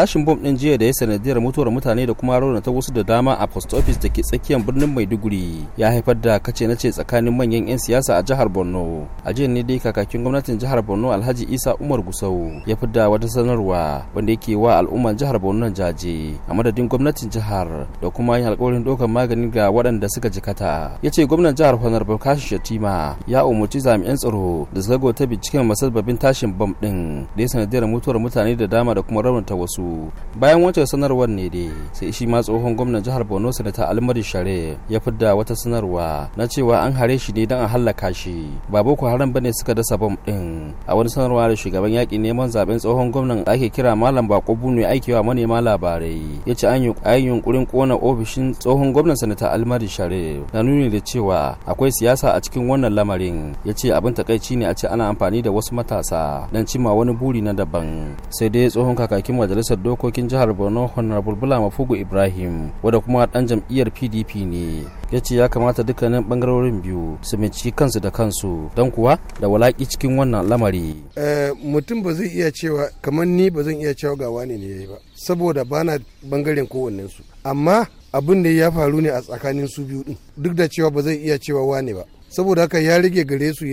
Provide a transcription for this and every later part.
tashin bom din jiya da ya sanadiyar mutuwar mutane da kuma rauna ta wasu da dama a post office da ke tsakiyar birnin maiduguri ya haifar da kace ce tsakanin manyan 'yan siyasa a jihar borno a jiya ne dai kakakin gwamnatin jihar borno alhaji isa umar gusau ya fi fidda wata sanarwa wanda yake wa al'umman jihar borno jaje a madadin gwamnatin jihar da kuma yin alkawarin dokar magani ga waɗanda suka jikata ya ce gwamnan jihar honar bakashi shatima ya umarci jami'an tsaro da su ta binciken masababin tashin bom din da ya sanadiyar mutuwar mutane da dama da kuma raunata wasu bayan wancan sanarwar ne dai sai shi ma tsohon gwamnan jihar borno sanata almari share ya fidda wata sanarwa na cewa an hare shi ne don a hallaka shi ba boko haram bane suka dasa bom din a wani sanarwa da shugaban yaƙi neman zaben tsohon gwamnan ake kira malam bako bunu aikewa manema labarai ya ce an yi yunkurin kona ofishin tsohon gwamnan sanata almari share na nuni da cewa akwai siyasa a cikin wannan lamarin ya ce abin takaici ne a ce ana amfani da wasu matasa don cimma wani buri na daban sai dai tsohon kakakin majalisar majalisar dokokin jihar borno honorable bula mafugo ibrahim wadda kuma dan jam'iyyar pdp ne ya ce ya kamata dukkanin bangarorin biyu su mici kansu da kansu don kuwa da walaƙi cikin wannan lamari eh, mutum ba zai iya cewa kamar ni ba zan iya cewa ga wane ne ba saboda bana bangaren kowannensu amma abin da ya faru ne a tsakanin su biyu din duk da cewa ba zai iya cewa wane ba saboda haka ya rige gare su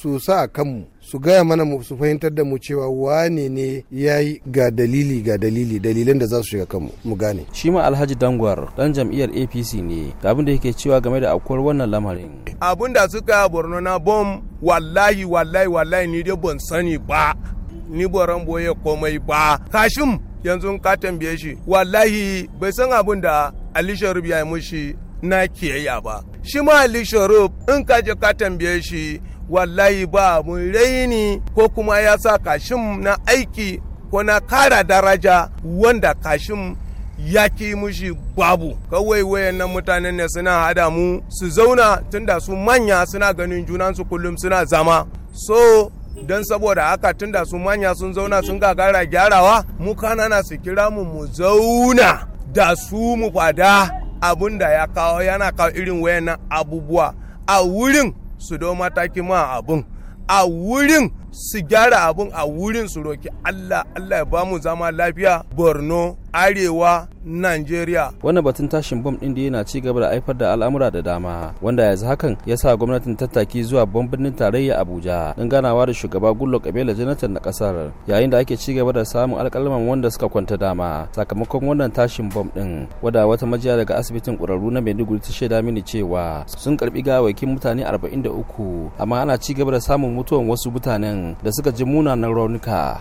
su sa a kanmu su gaya mana su fahimtar da mu cewa wane ne ya yi ga dalili ga dalili dalilan da za su shiga kanmu mu gane shi ma alhaji dangwar dan jam'iyyar apc ne ga abin da yake cewa game da akwai wannan lamarin abin da suka borno na bom wallahi wallahi wallahi ni dai ban sani ba ni boran boye komai ba kashim yanzu ka tambaye shi wallahi bai san abin da alisha rubiya ya yi mushi na kiyayya ba shi ma Ali Sharif in ka je ka tambaye shi wallahi ba mun raini ko kuma ya sa kashin na aiki ko na kara daraja wanda kashin ya ki mushi babu kawai wayannan mutanen ne suna hada mu su zauna tunda su manya suna ganin junansu kullum suna zama so don saboda haka tunda su manya sun zauna sun gagara gyarawa mu kanana su kira mu mu zauna da su mu fada abun da ya kawo yana kawo irin wayannan abubuwa a wurin su do mataki ma abun a wurin su gyara abun a wurin su roki Allah Allah ya bamu zama lafiya Borno arewa Najeriya. Wannan batun tashin bom ɗin da yana ci gaba da haifar da al'amura da dama wanda yanzu hakan ya sa gwamnatin tattaki zuwa babban birnin tarayya Abuja don ganawa da shugaba Gullo Kabila Jonathan na kasar yayin da ake ci gaba da samun alƙalman wanda suka kwanta dama sakamakon wannan tashin bom ɗin wada wata majiya daga asibitin ƙwararru na Maiduguri ta shaida mini cewa sun karbi gawakin mutane arba'in da uku amma ana ci gaba da samun mutuwan wasu mutanen da suka ji munanan raunuka